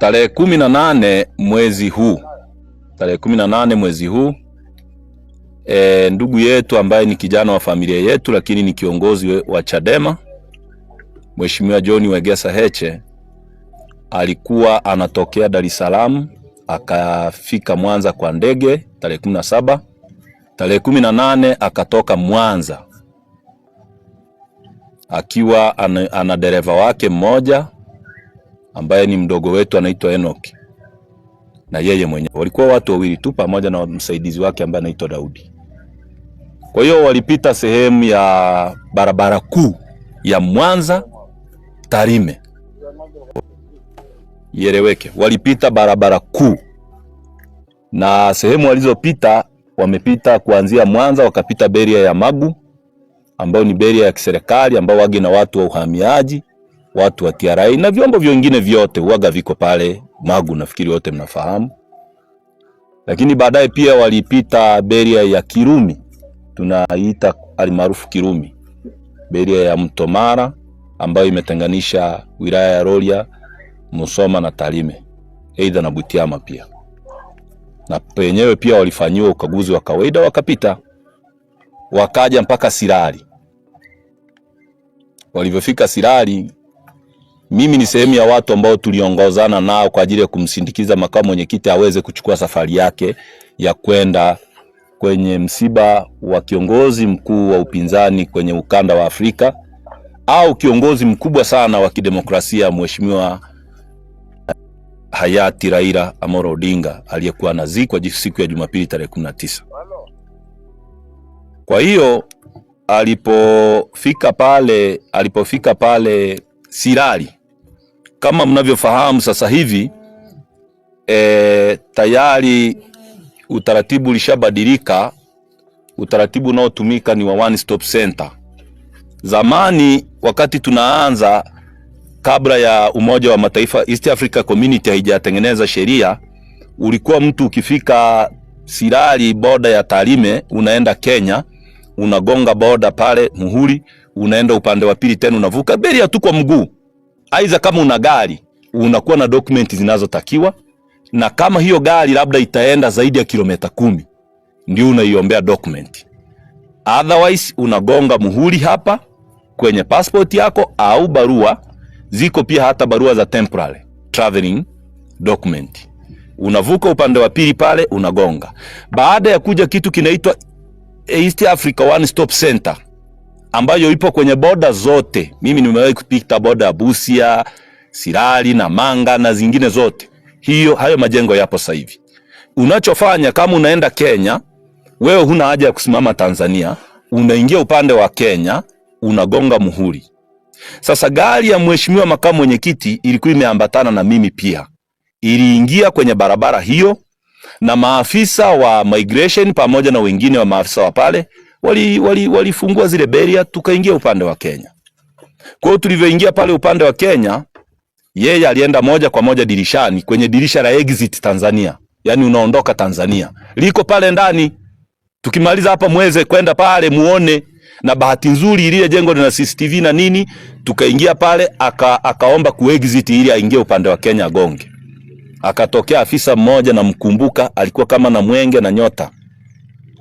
tarehe kumi na nane mwezi huu, tarehe kumi na nane mwezi huu e, ndugu yetu ambaye ni kijana wa familia yetu, lakini ni kiongozi wa Chadema Mheshimiwa John Wegesa Heche alikuwa anatokea Dar es Salaam akafika Mwanza kwa ndege tarehe kumi na saba tarehe kumi na nane akatoka Mwanza akiwa ana dereva wake mmoja ambaye ni mdogo wetu anaitwa Enoki na yeye mwenyewe walikuwa watu wawili tu, pamoja na msaidizi wake ambaye anaitwa Daudi. Kwa hiyo walipita sehemu ya barabara kuu ya Mwanza Tarime, ieleweke, walipita barabara kuu, na sehemu walizopita wamepita kuanzia Mwanza wakapita beria ya Magu ambayo ni beria ya kiserikali ambao wage na watu wa uhamiaji watu wa TRA na vyombo vingine vyote uaga viko pale Magu, nafikiri wote mnafahamu. Lakini baadaye pia walipita beria ya Kirumi, tunaita alimaarufu Kirumi, beria ya mto Mara ambayo imetenganisha wilaya ya Rorya, Musoma na Tarime, aidha na Butiama pia, na penyewe pia walifanyiwa ukaguzi wa kawaida wakapita, wakaja mpaka Sirari. Walivyofika Sirari mimi ni sehemu ya watu ambao tuliongozana nao kwa ajili ya kumsindikiza makamu mwenyekiti aweze kuchukua safari yake ya kwenda kwenye msiba wa kiongozi mkuu wa upinzani kwenye ukanda wa Afrika au kiongozi mkubwa sana wa kidemokrasia Mheshimiwa hayati Raila Amolo Odinga aliyekuwa anazikwa siku ya Jumapili tarehe 19. Kwa hiyo alipofika pale alipofika pale Sirari kama mnavyofahamu sasa hivi e, tayari utaratibu ulishabadilika. Utaratibu unaotumika ni wa one stop center. Zamani wakati tunaanza, kabla ya Umoja wa Mataifa East Africa Community haijatengeneza sheria, ulikuwa mtu ukifika Sirari boda ya Tarime unaenda Kenya, unagonga boda pale muhuri, unaenda upande wa pili tena unavuka Beria tu kwa mguu aidha kama una gari unakuwa na dokumenti zinazotakiwa, na kama hiyo gari labda itaenda zaidi ya kilomita kumi ndio unaiombea dokumenti. Otherwise unagonga muhuri hapa kwenye passport yako au barua ziko pia hata barua za temporary traveling document. Unavuka upande wa pili pale unagonga. Baada ya kuja kitu kinaitwa East Africa One Stop Center ambayo ipo kwenye boda zote. Mimi nimewahi kupita boda ya Busia, Sirali na Manga na zingine zote. Hiyo hayo majengo yapo sasa hivi. Unachofanya kama unaenda Kenya, wewe huna haja ya kusimama Tanzania, unaingia upande wa Kenya, unagonga muhuri. Sasa gari ya mheshimiwa makamu mwenyekiti ilikuwa imeambatana na mimi pia, iliingia kwenye barabara hiyo, na maafisa wa migration pamoja na wengine wa maafisa wa pale walifungua wali, wali zile beria, tukaingia upande wa Kenya. Kwa hiyo tulivyoingia pale upande wa Kenya, yeye alienda moja kwa moja dirishani kwenye dirisha la exit Tanzania, yaani unaondoka Tanzania, liko pale ndani. Tukimaliza hapa mweze kwenda pale muone, na bahati nzuri ile jengo lina CCTV na nini, tukaingia pale aka, akaomba ku exit ili aingie upande wa Kenya gonge. Akatokea afisa mmoja namkumbuka, alikuwa kama na mwenge na nyota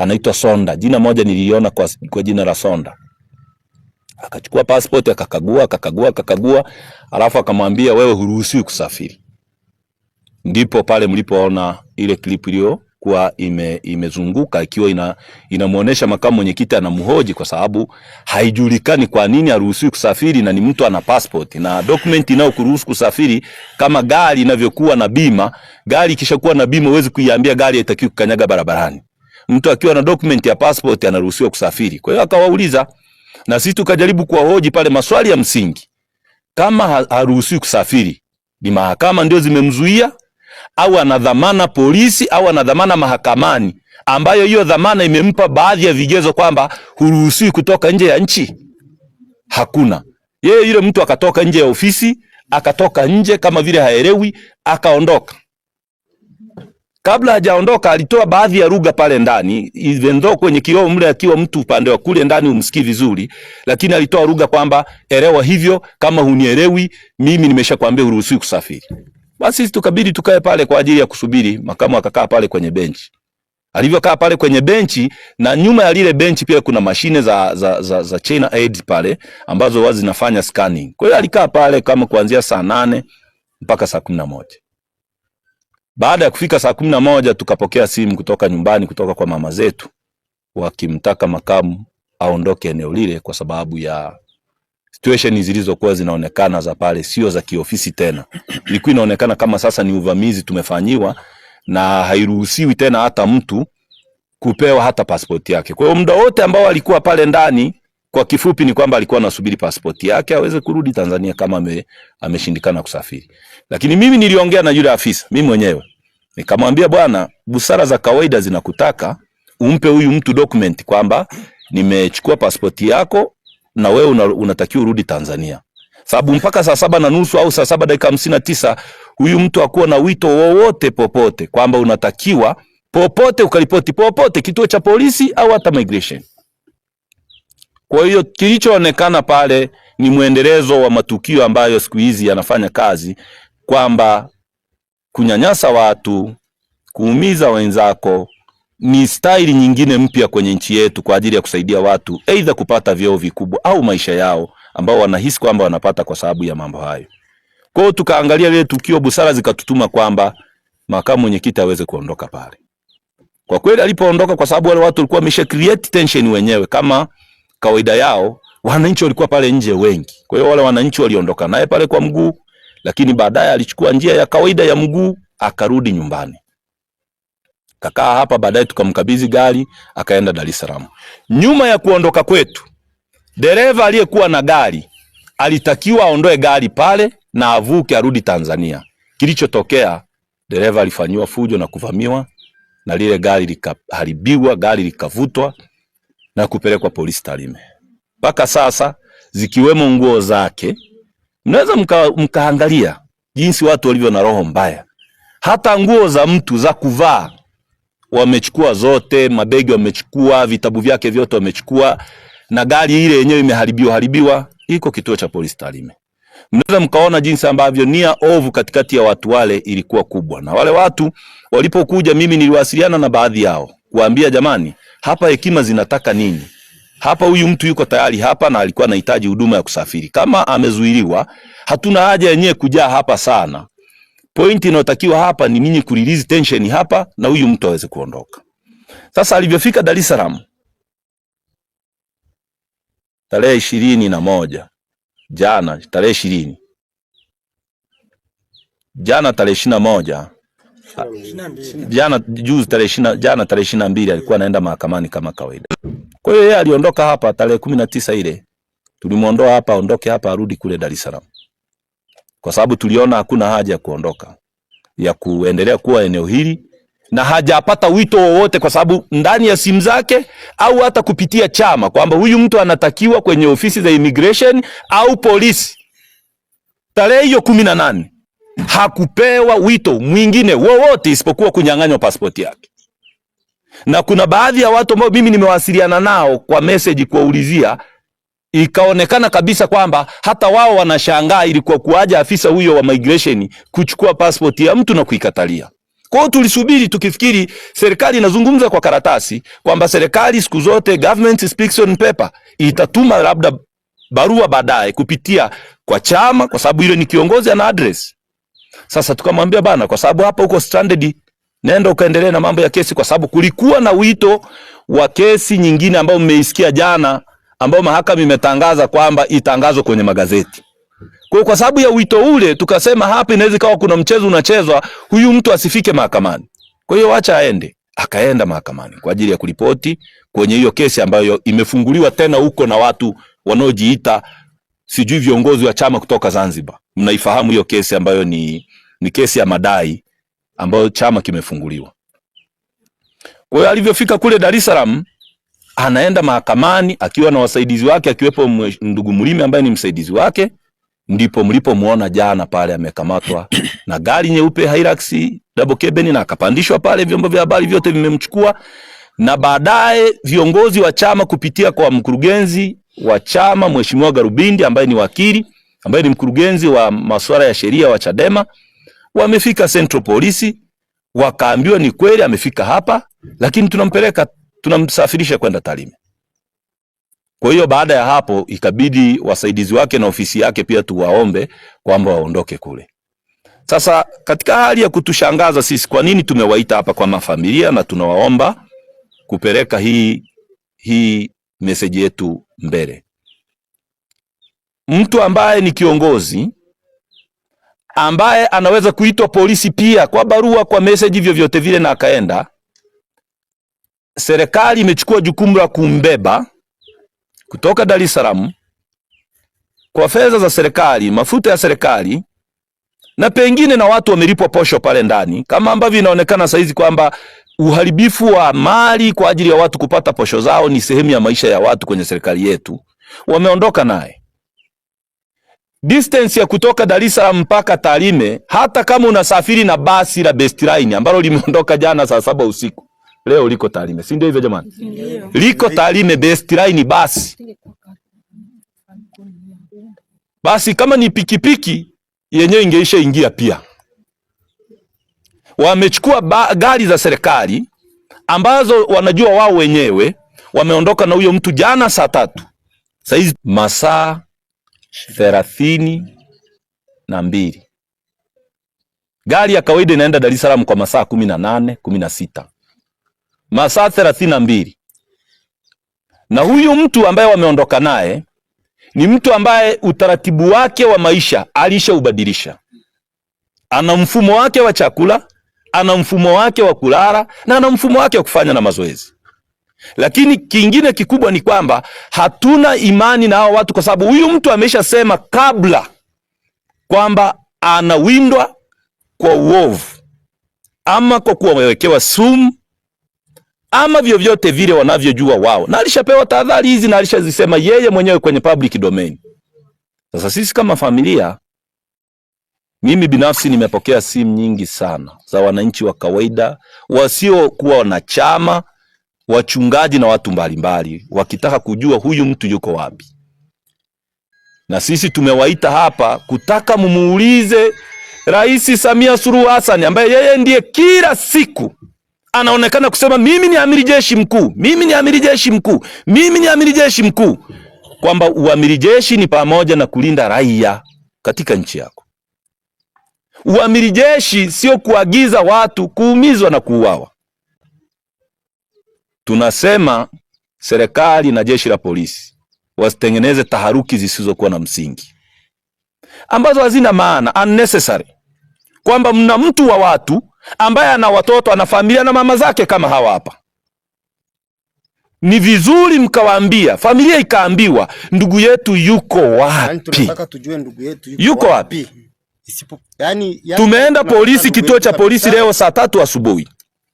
anaitwa Sonda. Jina moja niliona kwa, kwa jina la Sonda. Akachukua passport akakagua, akakagua, akakagua, alafu akamwambia wewe huruhusiwi kusafiri. Ndipo pale mlipoona ile clip kuwa ime, imezunguka ikiwa ina inamuonesha makamu mwenyekiti anamhoji kwa sababu haijulikani kwa nini aruhusiwi kusafiri na ni mtu ana passport na document inayokuruhusu kusafiri kama gari inavyokuwa na bima. Gari ikishakuwa na bima huwezi kuiambia gari haitakiwi kukanyaga barabarani mtu akiwa na document ya passport anaruhusiwa kusafiri. Kwa hiyo akawauliza, na sisi tukajaribu kuwahoji pale maswali ya msingi, kama haruhusiwi kusafiri, ni mahakama ndio zimemzuia au ana dhamana polisi au ana dhamana mahakamani, ambayo hiyo dhamana imempa baadhi ya vigezo kwamba huruhusiwi kutoka nje ya nchi. Hakuna yeye, yule mtu akatoka nje ya ofisi, akatoka nje kama vile haelewi, akaondoka. Kabla hajaondoka alitoa baadhi ya lugha pale ndani, even though kwenye kioo mle akiwa mtu upande wa kule ndani umsikii vizuri, lakini alitoa lugha kwamba elewa hivyo, kama hunielewi mimi nimeshakwambia uruhusiwi kusafiri. Basi tukabidi tukae pale kwa ajili ya kusubiri. Makamu akakaa pale kwenye benchi, alivyokaa pale kwenye benchi, na nyuma ya lile benchi pia kuna mashine za, za, za, za China Aid pale ambazo wazi zinafanya scanning. Kwa hiyo alikaa pale kama kuanzia saa nane mpaka saa kumi na moja. Baada ya kufika saa kumi na moja tukapokea simu kutoka nyumbani kutoka kwa mama zetu wakimtaka makamu aondoke eneo lile kwa sababu ya situation zilizokuwa zinaonekana za pale sio za kiofisi tena. Ilikuwa inaonekana kama sasa ni uvamizi tumefanyiwa, na hairuhusiwi tena hata mtu kupewa hata pasipoti yake. Kwa hiyo muda wote ambao alikuwa pale ndani kwa kifupi ni kwamba alikuwa anasubiri pasipoti yake aweze kurudi Tanzania kama ame, ameshindikana kusafiri. Lakini mimi niliongea na yule afisa mimi mwenyewe. Nikamwambia bwana, busara za kawaida zinakutaka umpe huyu mtu document kwamba nimechukua pasipoti yako na wewe una, unatakiwa urudi Tanzania. Sababu mpaka saa saba na nusu au saa saba dakika hamsini na tisa huyu mtu hakuwa na wito wowote popote kwamba unatakiwa popote ukaripoti popote kituo cha polisi au hata migration. Kwa hiyo kilichoonekana pale ni mwendelezo wa matukio ambayo siku hizi yanafanya kazi kwamba kunyanyasa watu, kuumiza wenzako ni staili nyingine mpya kwenye nchi yetu kwa ajili ya kusaidia watu aidha kupata vyeo vikubwa au maisha yao ambao wanahisi kwamba wanapata kwa sababu ya mambo hayo. Kwa hiyo tukaangalia lile tukio, busara zikatutuma kwamba makamu mwenyekiti aweze kuondoka pale. Kwa kweli alipoondoka, kwa sababu wale watu walikuwa wamesha create tension wenyewe kama kawaida yao wananchi walikuwa pale nje wengi. Kwa hiyo wale wananchi waliondoka naye pale kwa mguu, lakini baadaye alichukua njia ya kawaida ya mguu akarudi nyumbani. Kakaa hapa, baadaye tukamkabidhi gari akaenda Dar es Salaam. Nyuma ya kuondoka kwetu, dereva aliyekuwa na gari alitakiwa aondoe gari pale na avuke arudi Tanzania. Kilichotokea, dereva alifanyiwa fujo na kuvamiwa na lile gari likaharibiwa, gari likavutwa na kupelekwa polisi Tarime. Mpaka sasa zikiwemo nguo zake, mnaweza mkaangalia mka jinsi watu walivyo na roho mbaya. Hata nguo za mtu za kuvaa wamechukua zote, mabegi wamechukua, vitabu vyake vyote wamechukua, na gari ile yenyewe imeharibiwa haribiwa, iko kituo cha polisi Tarime. Mnaweza mkaona jinsi ambavyo nia ovu katikati ya watu wale ilikuwa kubwa, na wale watu walipokuja, mimi niliwasiliana na baadhi yao kuambia jamani hapa hekima zinataka nini? Hapa huyu mtu yuko tayari hapa na alikuwa anahitaji huduma ya kusafiri. Kama amezuiliwa, hatuna haja yenyewe kujaa hapa sana. Pointi inayotakiwa hapa ni ninyi kurilizi tensheni hapa na huyu mtu aweze kuondoka. Sasa alivyofika Dar es Salaam tarehe ishirini na moja jana tarehe ishirini jana tarehe ishirini na moja jana juzi tarehe jana tarehe ishirini na mbili alikuwa anaenda mahakamani kama kawaida. Kwa hiyo yeye aliondoka hapa tarehe kumi na tisa ile tulimwondoa hapa, aondoke hapa arudi kule Dar es Salaam, kwa sababu tuliona hakuna haja ya kuondoka ya kuendelea kuwa eneo hili na hajapata wito wowote kwa sababu ndani ya simu zake au hata kupitia chama kwamba huyu mtu anatakiwa kwenye ofisi za immigration au polisi tarehe hiyo kumi na nane hakupewa wito mwingine wowote isipokuwa kunyang'anywa pasipoti yake. Na kuna baadhi ya watu ambao mimi nimewasiliana nao kwa meseji kuwaulizia, ikaonekana kabisa kwamba hata wao wanashangaa ilikuwa kuaja afisa huyo wa migration kuchukua pasipoti ya mtu na kuikatalia. Kwa hiyo tulisubiri tukifikiri serikali inazungumza kwa karatasi, kwamba serikali siku zote government speaks on paper, itatuma labda barua baadaye kupitia kwa chama, kwa sababu ile ni kiongozi, ana address sasa tukamwambia bana, kwa sababu hapa uko stranded, nenda ukaendelee na mambo ya kesi, kwa sababu kulikuwa na wito wa kesi nyingine ambayo mmeisikia jana, ambayo mahakama imetangaza kwamba itangazwe kwenye magazeti. Kwa kwa sababu ya wito ule, tukasema hapa inaweza kawa kuna mchezo unachezwa, huyu mtu asifike mahakamani. Kwa hiyo acha aende. Akaenda mahakamani kwa ajili ya kuripoti kwenye hiyo kesi ambayo imefunguliwa tena huko na watu wanaojiita sijui viongozi wa chama kutoka Zanzibar. Mnaifahamu hiyo kesi ambayo ni ni kesi ya madai ambayo chama kimefunguliwa. Kwa hiyo alivyofika kule Dar es Salaam, anaenda mahakamani akiwa na wasaidizi wake, akiwepo ndugu Mlime ambaye ni msaidizi wake, ndipo mlipomuona jana pale amekamatwa na gari nyeupe Hilux double cabin na akapandishwa pale, vyombo vya habari vyote vimemchukua na baadaye viongozi wa chama kupitia kwa mkurugenzi wa chama Mheshimiwa Garubindi ambaye ni wakili ambaye ni mkurugenzi wa masuala ya sheria wa Chadema Wamefika Central Polisi wakaambiwa ni kweli amefika hapa, lakini tunampeleka tunamsafirisha kwenda Tarime. Kwa hiyo baada ya hapo ikabidi wasaidizi wake na ofisi yake pia tuwaombe kwamba waondoke kule. Sasa katika hali ya kutushangaza sisi, kwa nini tumewaita hapa kwa mafamilia na tunawaomba kupeleka hii hii meseji yetu mbele. Mtu ambaye ni kiongozi ambaye anaweza kuitwa polisi pia kwa barua, kwa meseji, vyovyote vile, na akaenda. Serikali imechukua jukumu la kumbeba kutoka Dar es Salaam kwa fedha za serikali, mafuta ya serikali na pengine na watu wamelipwa posho pale ndani, kama ambavyo inaonekana hizi kwamba uharibifu wa mali kwa ajili ya watu kupata posho zao ni sehemu ya maisha ya watu kwenye serikali yetu, wameondoka naye distance ya kutoka Dar es Salaam mpaka Tarime, hata kama unasafiri na basi la Best Line ambalo limeondoka jana saa saba usiku, leo liko Tarime, si ndio hivyo jamani? Liko Tarime Best Line basi. Basi kama ni pikipiki yenyewe ingeisha ingia pia. Wamechukua gari za serikali ambazo wanajua wao wenyewe, wameondoka na huyo mtu jana saa tatu, saizi masaa thelathini na mbili. Gari ya kawaida inaenda Dar es Salaam kwa masaa kumi na nane kumi na sita masaa thelathini na mbili na huyu mtu ambaye wameondoka naye ni mtu ambaye utaratibu wake wa maisha alishaubadilisha. Ana mfumo wake wa chakula, ana mfumo wake wa kulala na ana mfumo wake wa kufanya na mazoezi. Lakini kingine kikubwa ni kwamba hatuna imani na hawa watu, kwa sababu huyu mtu ameshasema kabla kwamba anawindwa kwa uovu ama kwa kuwa wamewekewa sumu ama vyovyote vile wanavyojua wao, na alishapewa tahadhari hizi na alishazisema yeye mwenyewe kwenye public domain. Sasa sisi kama familia, mimi binafsi nimepokea simu nyingi sana za wananchi wa kawaida wasiokuwa na chama wachungaji na watu mbalimbali wakitaka kujua huyu mtu yuko wapi, na sisi tumewaita hapa kutaka mumuulize Rais Samia Suluhu Hassan ambaye yeye ndiye kila siku anaonekana kusema mimi ni amiri jeshi mkuu, mimi ni amiri jeshi mkuu, mimi ni amiri jeshi mkuu, kwamba uamiri jeshi ni pamoja na kulinda raia katika nchi yako. Uamiri jeshi sio kuagiza watu kuumizwa na kuuawa. Tunasema serikali na jeshi la polisi wasitengeneze taharuki zisizokuwa na msingi ambazo hazina maana, unnecessary, kwamba mna mtu wa watu ambaye ana watoto ana familia na mama zake kama hawa hapa. Ni vizuri mkawaambia, familia ikaambiwa ndugu yetu yuko yaani wapi, yuko wapi. Yaani- yaani Tumeenda polisi, kituo cha polisi leo saa tatu asubuhi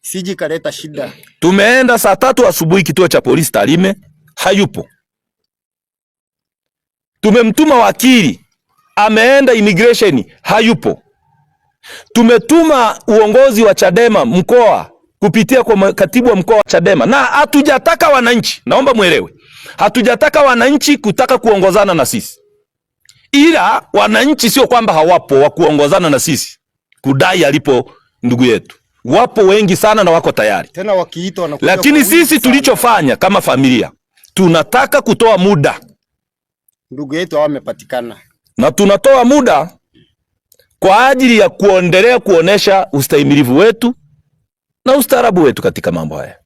siji kaleta shida. Tumeenda saa tatu asubuhi kituo cha polisi Tarime, hayupo. Tumemtuma wakili, ameenda immigration, hayupo. Tumetuma uongozi wa Chadema mkoa kupitia kwa katibu wa mkoa wa Chadema, na hatujataka wananchi, naomba mwelewe, hatujataka wananchi kutaka kuongozana na sisi, ila wananchi sio kwamba hawapo wa kuongozana na sisi kudai alipo ndugu yetu wapo wengi sana na wako tayari tena wakiitwa Lakini sisi tulichofanya kama familia, tunataka kutoa muda, ndugu yetu amepatikana, na tunatoa muda kwa ajili ya kuendelea kuonesha ustahimilivu wetu na ustaarabu wetu katika mambo haya.